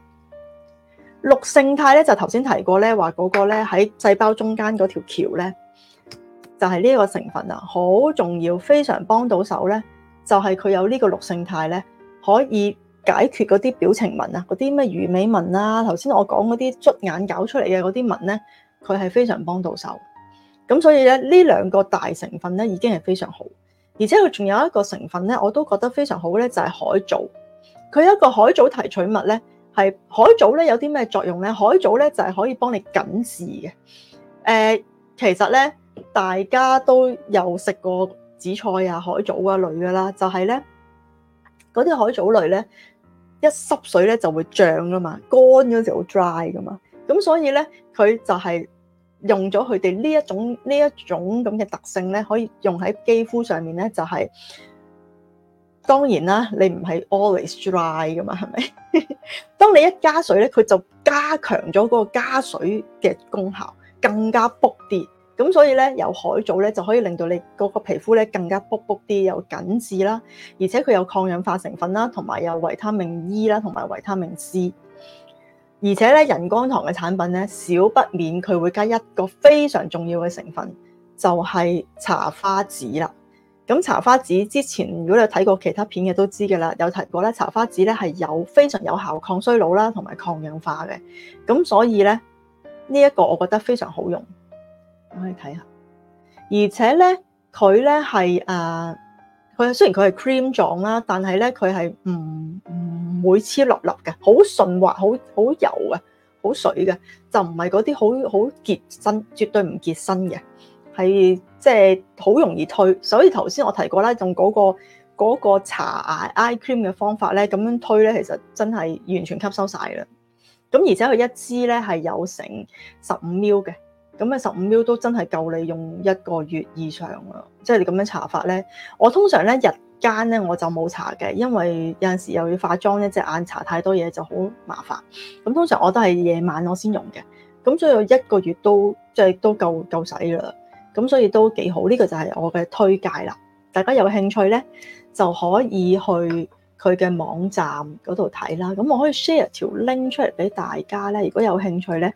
六勝肽咧就頭先提過咧，話嗰個咧喺細胞中間嗰條橋咧，就係呢一個成分啊，好重要，非常幫到手咧。就係佢有呢個六勝肽咧，可以解決嗰啲表情紋啊，嗰啲咩魚尾紋啊。頭先我講嗰啲捽眼搞出嚟嘅嗰啲紋咧，佢係非常幫到手。咁所以咧，呢兩個大成分咧已經係非常好，而且佢仲有一個成分咧，我都覺得非常好咧，就係海藻。佢一個海藻提取物咧。係海藻咧有啲咩作用咧？海藻咧就係可以幫你緊緻嘅。誒，其實咧大家都有食過紫菜啊、海藻啊類噶啦，就係咧嗰啲海藻類咧一濕水咧就會脹噶嘛，乾嗰陣時好 dry 噶嘛，咁所以咧佢就係用咗佢哋呢一種呢一種咁嘅特性咧，可以用喺肌膚上面咧就係。當然啦，你唔係 always dry 噶嘛，係咪？ *laughs* 當你一加水咧，佢就加強咗嗰個加水嘅功效，更加卜啲。咁所以咧，有海藻咧就可以令到你嗰個皮膚咧更加卜卜啲，又緊緻啦。而且佢有抗氧化成分啦，同埋有維他命 E 啦，同埋維他命 C。而且咧，人光堂嘅產品咧，少不免佢會加一個非常重要嘅成分，就係、是、茶花籽啦。咁茶花籽之前如果你有睇過其他片嘅都知噶啦，有提過咧茶花籽咧係有非常有效抗衰老啦，同埋抗氧化嘅。咁所以咧呢一個我覺得非常好用，可以睇下。而且咧佢咧係誒，佢、呃、雖然佢係 cream 狀啦，但係咧佢係唔唔會黐粒粒嘅，好順滑，好好油嘅，好水嘅，就唔係嗰啲好好結身，絕對唔結身嘅。係即係好容易推，所以頭先我提過啦，用嗰、那個嗰、那個搽眼 cream 嘅方法咧，咁樣推咧，其實真係完全吸收晒啦。咁而且佢一支咧係有成十五 mL 嘅，咁啊十五 mL 都真係夠你用一個月以上啊！即係你咁樣搽法咧，我通常咧日間咧我就冇搽嘅，因為有陣時候又要化妝一隻眼搽太多嘢就好麻煩。咁通常我都係夜晚我先用嘅，咁所以一個月都即係、就是、都夠夠使啦。咁所以都幾好，呢個就係我嘅推介啦。大家有興趣咧，就可以去佢嘅網站嗰度睇啦。咁我可以 share 條 link 出嚟俾大家咧，如果有興趣咧，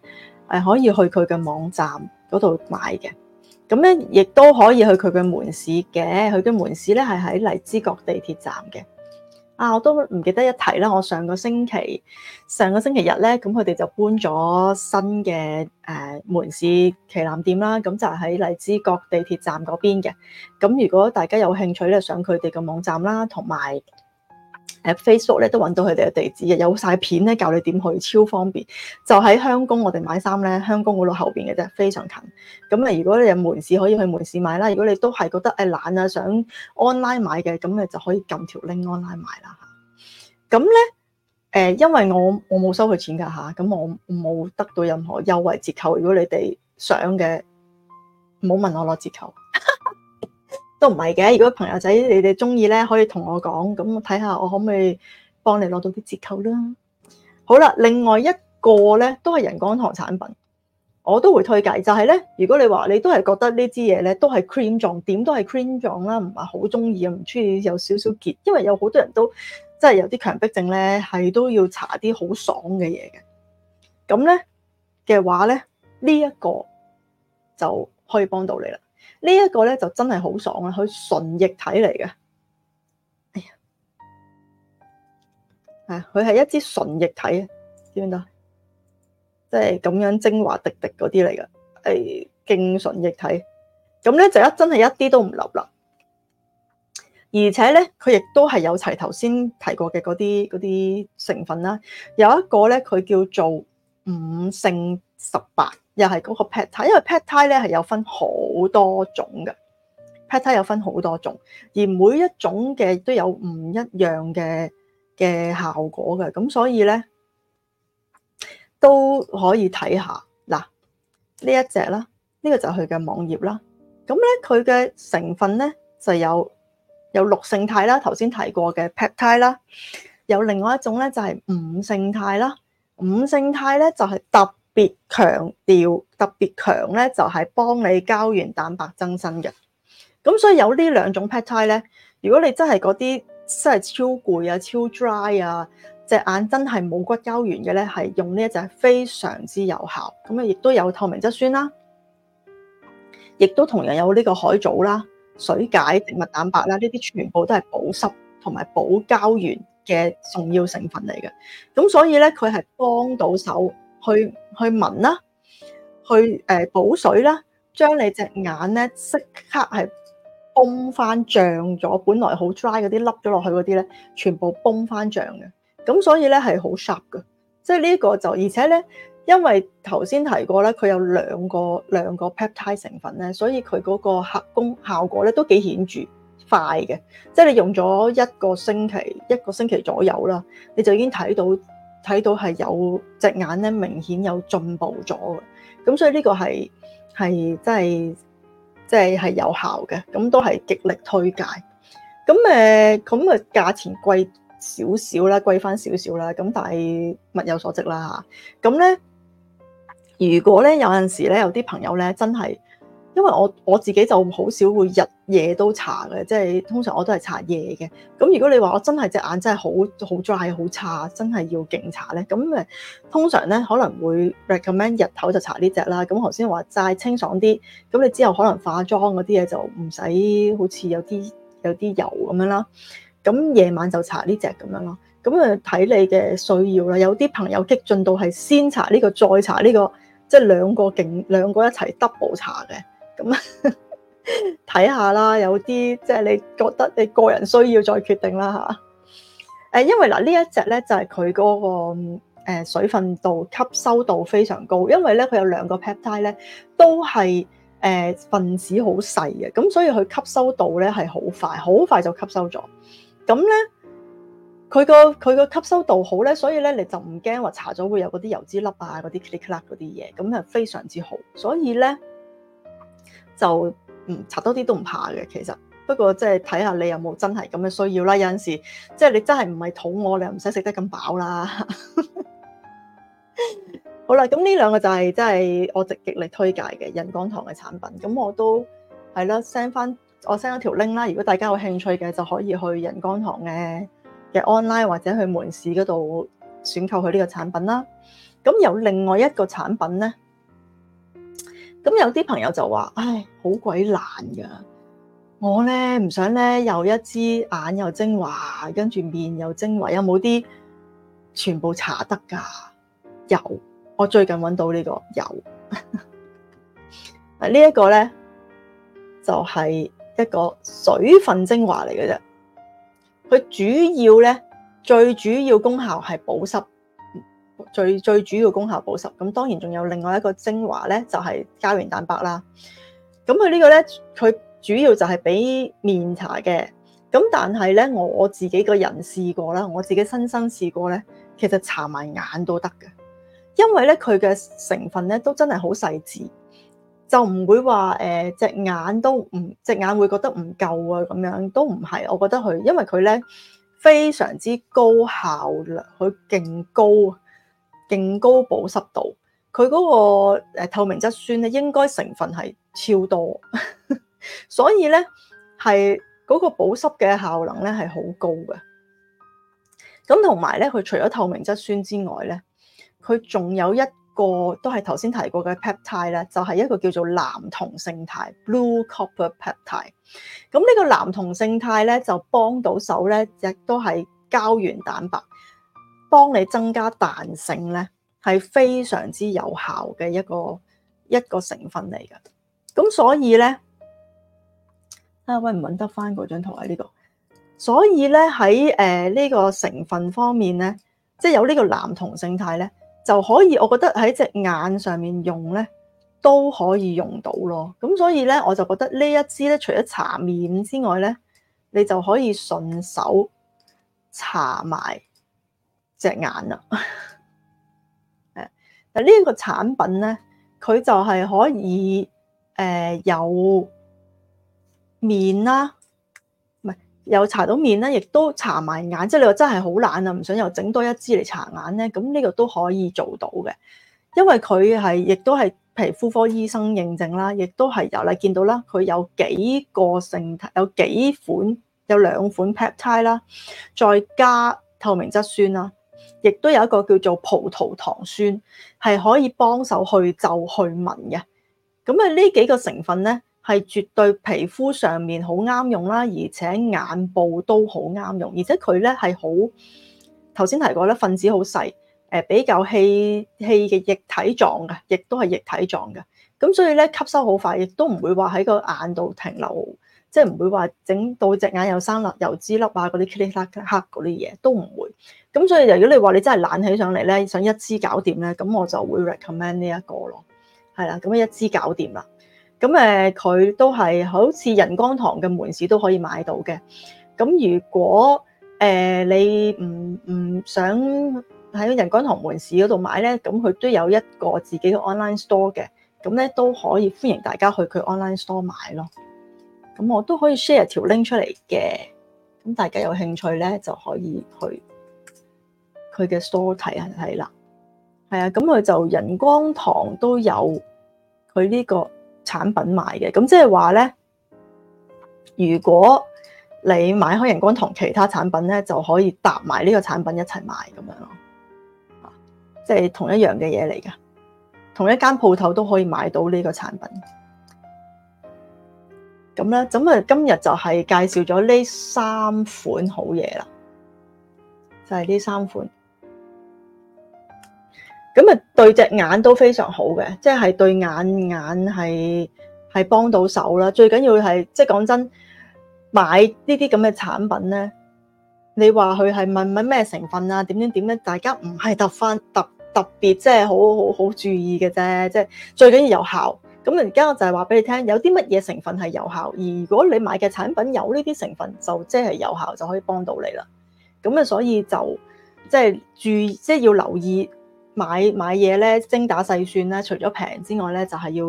誒可以去佢嘅網站嗰度買嘅。咁咧亦都可以去佢嘅門市嘅，佢嘅門市咧係喺荔枝角地鐵站嘅。啊！我都唔記得一提啦。我上個星期，上個星期日咧，咁佢哋就搬咗新嘅誒門市旗艦店啦。咁就喺荔枝角地鐵站嗰邊嘅。咁如果大家有興趣咧，上佢哋嘅網站啦，同埋，誒 Facebook 咧都揾到佢哋嘅地址，有晒片咧教你點去，超方便。就喺香工，我哋買衫咧，香工嗰度後邊嘅啫，非常近。咁你如果你有門市可以去門市買啦。如果你都係覺得誒懶啊，想 online 買嘅，咁你就可以撳條 link online 買啦。咁咧誒，因為我我冇收佢錢㗎吓，咁我冇得到任何優惠折扣。如果你哋想嘅，唔好問我攞折扣。都唔係嘅，如果朋友仔你哋中意咧，可以同我講，咁睇下我可唔可以幫你攞到啲折扣啦。好啦，另外一個咧都係人光堂產品，我都會推介。就係咧，如果你話你都係覺得呢支嘢咧，都係 cream 狀，點都係 cream 狀啦，唔係好中意，唔中意有少少結，因為有好多人都即係有啲強迫症咧，係都要搽啲好爽嘅嘢嘅。咁咧嘅話咧，呢一個就可以幫到你啦。這個呢一個咧就真係好爽啦，佢純液體嚟嘅。哎呀，係佢係一支純液體，知唔知啊？即係咁樣精華滴滴嗰啲嚟嘅，係勁純液體，咁咧就真一真係一啲都唔流啦，而且咧佢亦都係有齊頭先提過嘅嗰啲啲成分啦，有一個咧佢叫做。五勝十八，又係嗰個 Peptide，因為 Peptide 咧係有分好多種嘅，Peptide 有分好多種，而每一種嘅都有唔一樣嘅嘅效果嘅，咁所以咧都可以睇下嗱呢一隻啦，呢、這個就係佢嘅網頁啦，咁咧佢嘅成分咧就有有六勝肽啦，頭先提過嘅 Peptide 啦，有另外一種咧就係、是、五勝肽啦。五勝肽咧就係、是、特別強調特別強咧就係、是、幫你膠原蛋白增生嘅，咁所以有這兩呢兩種 peptide 咧，如果你真係嗰啲真係超攰啊、超 dry 啊、隻眼真係冇骨膠原嘅咧，係用呢一隻非常之有效，咁啊亦都有透明質酸啦、啊，亦都同樣有呢個海藻啦、啊、水解植物蛋白啦、啊，呢啲全部都係保濕同埋保膠原。嘅重要成分嚟嘅，咁所以咧佢係幫到手去去紋啦，去誒補、呃、水啦，將你隻眼咧即刻係崩翻脹咗，本來好 dry 嗰啲凹咗落去嗰啲咧，全部崩翻脹嘅，咁所以咧係好 sharp 嘅，即係呢個就而且咧，因為頭先提過咧，佢有兩個兩個 Peptide 肽肽成分咧，所以佢嗰個合功效果咧都幾顯著。快嘅，即係你用咗一個星期，一個星期左右啦，你就已經睇到睇到係有隻眼咧，明顯有進步咗嘅。咁所以呢個係係真係即係係有效嘅，咁都係極力推介。咁誒咁誒價錢貴少少啦，貴返少少啦，咁但係物有所值啦吓。咁咧，如果咧有陣時咧，有啲朋友咧真係。因為我我自己就好少會日夜都搽嘅，即係通常我都係搽夜嘅。咁如果你話我真係隻眼真係好好 dry 好差，真係要勁搽咧，咁誒通常咧可能會 recommend 日頭就搽呢隻啦。咁頭先話齋清爽啲，咁你之後可能化妝嗰啲嘢就唔使好似有啲有啲油咁樣啦。咁夜晚就搽呢隻咁樣咯。咁誒睇你嘅需要啦。有啲朋友激進到係先搽呢個再搽呢個，即係兩個勁兩個一齊 double 搽嘅。咁睇下啦，有啲即係你覺得你個人需要再決定啦吓。誒，因為嗱呢這一隻咧就係佢嗰個誒水分度吸收度非常高，因為咧佢有兩個 peptide 咧都係誒、呃、分子好細嘅，咁所以佢吸收度咧係好快，好快就吸收咗。咁咧佢個佢個吸收度好咧，所以咧你就唔驚話搽咗會有嗰啲油脂粒啊，嗰啲 click 啦嗰啲嘢，咁係非常之好。所以咧。就唔搽多啲都唔怕嘅，其實不過即係睇下你有冇真係咁嘅需要啦。有陣時即係、就是、你真係唔係肚餓，你又唔使食得咁飽啦。 *laughs* 好啦，咁呢兩個就係真係我極力推介嘅人光堂嘅產品。咁我都係啦，send 翻我 send 咗條 link 啦。如果大家有興趣嘅，就可以去人光堂嘅嘅 online 或者去門市嗰度選購佢呢個產品啦。咁有另外一個產品咧。咁有啲朋友就話，唉，好鬼難噶。我咧唔想咧又一支眼又精華，跟住面又精華，有冇啲全部搽得噶？有，我最近揾到呢、這個有。油 *laughs* 啊，這個、呢一個咧就係、是、一個水分精華嚟嘅啫，佢主要咧最主要功效係保濕。最最主要功效保濕，咁當然仲有另外一個精華咧，就係膠原蛋白啦。咁佢呢個咧，佢主要就係俾面搽嘅。咁但係咧，我自己個人試過啦，我自己親身試過咧，其實搽埋眼都得嘅，因為咧佢嘅成分咧都真係好細緻，就唔會話誒隻眼都唔隻眼會覺得唔夠啊，咁樣都唔係。我覺得佢因為佢咧非常之高效率，佢勁高。勁高保濕度，佢嗰個誒透明質酸咧應該成分係超多，呵呵所以咧係嗰個保濕嘅效能咧係好高嘅。咁同埋咧，佢除咗透明質酸之外咧，佢仲有一個都係頭先提過嘅 peptide 咧，就係一個叫做藍銅勝肽 （blue copper peptide）。咁呢個藍銅勝肽咧就幫到手咧，亦都係膠原蛋白。幫你增加彈性咧，係非常之有效嘅一個一個成分嚟嘅。咁所以咧，啊，揾唔揾得翻嗰張圖喺呢度。所以咧喺誒呢、呃呢個成分方面咧，即係有呢個藍銅勝肽咧，就可以我覺得喺隻眼上面用咧都可以用到咯。咁所以咧，我就覺得呢一支咧，除咗搽面之外咧，你就可以順手搽埋。隻眼啦，誒，嗱呢個產品咧，佢就係可以誒有、呃、面啦，唔係有搽到面啦，亦都搽埋眼，即係你話真係好懶啊，唔想又整多一支嚟搽眼咧，咁呢個都可以做到嘅，因為佢係亦都係皮膚科醫生認證啦，亦都係有你見到啦，佢有幾個性，有幾款有兩款 peptide 啦，再加透明質酸啦。亦都有一個叫做葡萄糖酸，係可以幫手去皺去紋嘅。咁啊，呢幾個成分咧係絕對皮膚上面好啱用啦，而且眼部都好啱用，而且佢咧係好頭先提過咧，分子好細，誒比較氣氣嘅液體狀嘅，亦都係液體狀嘅。咁所以咧吸收好快，亦都唔會話喺個眼度停留。即係唔會話整到隻眼又生粒、油脂粒啊嗰啲黐黑黑嗰啲嘢都唔會。咁所以就如果你話你真係懶起上嚟咧，想一支搞掂咧，咁我就會 recommend 呢一個咯，係啦，咁啊一支搞掂啦。咁誒佢都係好似仁光堂嘅門市都可以買到嘅。咁如果誒、呃、你唔唔想喺仁光堂門市嗰度買咧，咁佢都有一個自己嘅 online store 嘅，咁咧都可以歡迎大家去佢 online store 買咯。咁我都可以 share 條 link 出嚟嘅，咁大家有興趣咧就可以去佢嘅 store 睇下係啦，係啊，咁佢就人光堂都有佢呢個產品賣嘅，咁即係話咧，如果你買開人光堂其他產品咧，就可以搭埋呢個產品一齊賣咁樣咯，即係同一樣嘅嘢嚟噶，同一間鋪頭都可以買到呢個產品。咁咧，咁啊，今日就係介紹咗呢三款好嘢啦，就係呢三款。咁啊，對隻眼都非常好嘅，即係對眼眼係係幫到手啦。最緊要係，即係講真，買呢啲咁嘅產品咧，你話佢係問乜咩成分啊，點點點咧，大家唔係特翻特特別即係好好好注意嘅啫，即係最緊要有效。咁而家我就係話俾你聽，有啲乜嘢成分係有效，而如果你買嘅產品有呢啲成分，就即係有效，就可以幫到你啦。咁啊，所以就即係注，即係要留意買買嘢咧，精打細算咧。除咗平之外咧，就係要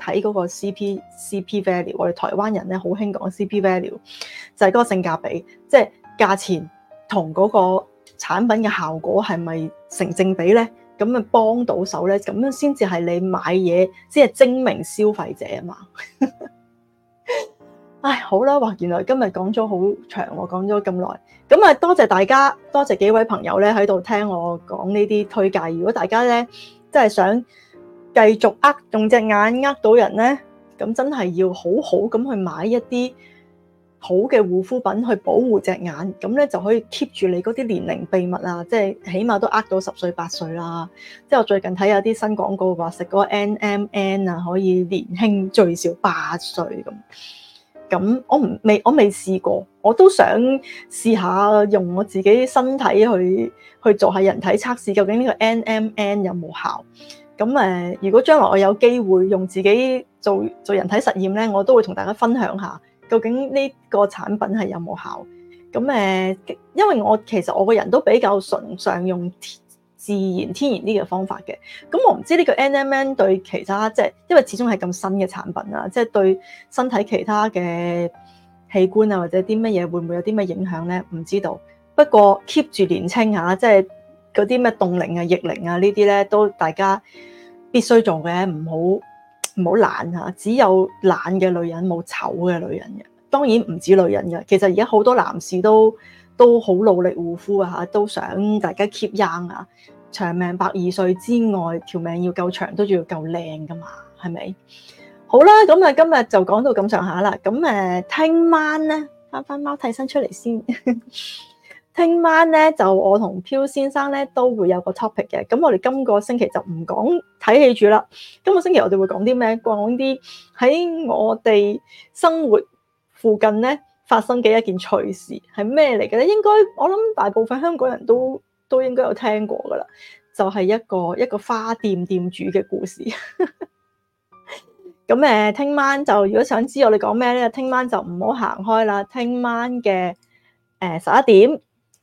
睇嗰個 C P C P value。我哋台灣人咧好興講 C P value，就係嗰個性價比，即係價錢同嗰個產品嘅效果係咪成正比咧？咁咪幫到手咧，咁樣先至係你買嘢，先係精明消費者啊嘛！ *laughs* 唉，好啦，哇，原來今日講咗好長，講咗咁耐，咁啊，多謝大家，多謝幾位朋友咧喺度聽我講呢啲推介。如果大家咧真係想繼續呃用隻眼呃到人咧，咁真係要好好咁去買一啲。好嘅護膚品去保護隻眼，咁咧就可以 keep 住你嗰啲年齡秘密啊！即係起碼都呃到十歲八歲啦。即係我最近睇有啲新廣告話食嗰個 NMN 啊，可以年輕最少八歲咁。咁我唔未，我未試過，我都想試下用我自己身體去去做下人體測試，究竟呢個 NMN 有冇效？咁誒，如果將來我有機會用自己做做人體實驗咧，我都會同大家分享下。究竟呢個產品係有冇效？咁誒，因為我其實我個人都比較崇尚用自然天然呢個方法嘅。咁我唔知呢個 N M N 對其他即係，因為始終係咁新嘅產品啦，即係對身體其他嘅器官啊，或者啲乜嘢會唔會有啲乜影響咧？唔知道。不過 keep 住年輕吓，即係嗰啲咩凍齡啊、逆齡啊呢啲咧，都大家必須做嘅，唔好。唔好懶嚇，只有懶嘅女人，冇醜嘅女人嘅。當然唔止女人嘅，其實而家好多男士都都好努力護膚啊嚇，都想大家 keep young 啊，長命百二歲之外，條命要夠長，都仲要夠靚㗎嘛，係咪？好啦，咁啊今日就講到咁上下啦，咁誒聽晚咧返返貓替身出嚟先。 *laughs* 聽晚咧就我同漂先生咧都會有個 topic 嘅，咁我哋今個星期就唔講睇戲住啦。今個星期我哋會講啲咩？講啲喺我哋生活附近咧發生嘅一件趣事係咩嚟嘅咧？應該我諗大部分香港人都都應該有聽過㗎啦，就係、是、一個一個花店店主嘅故事。咁誒，聽晚就如果想知道我哋講咩咧，聽晚就唔好行開啦。聽晚嘅誒十一點。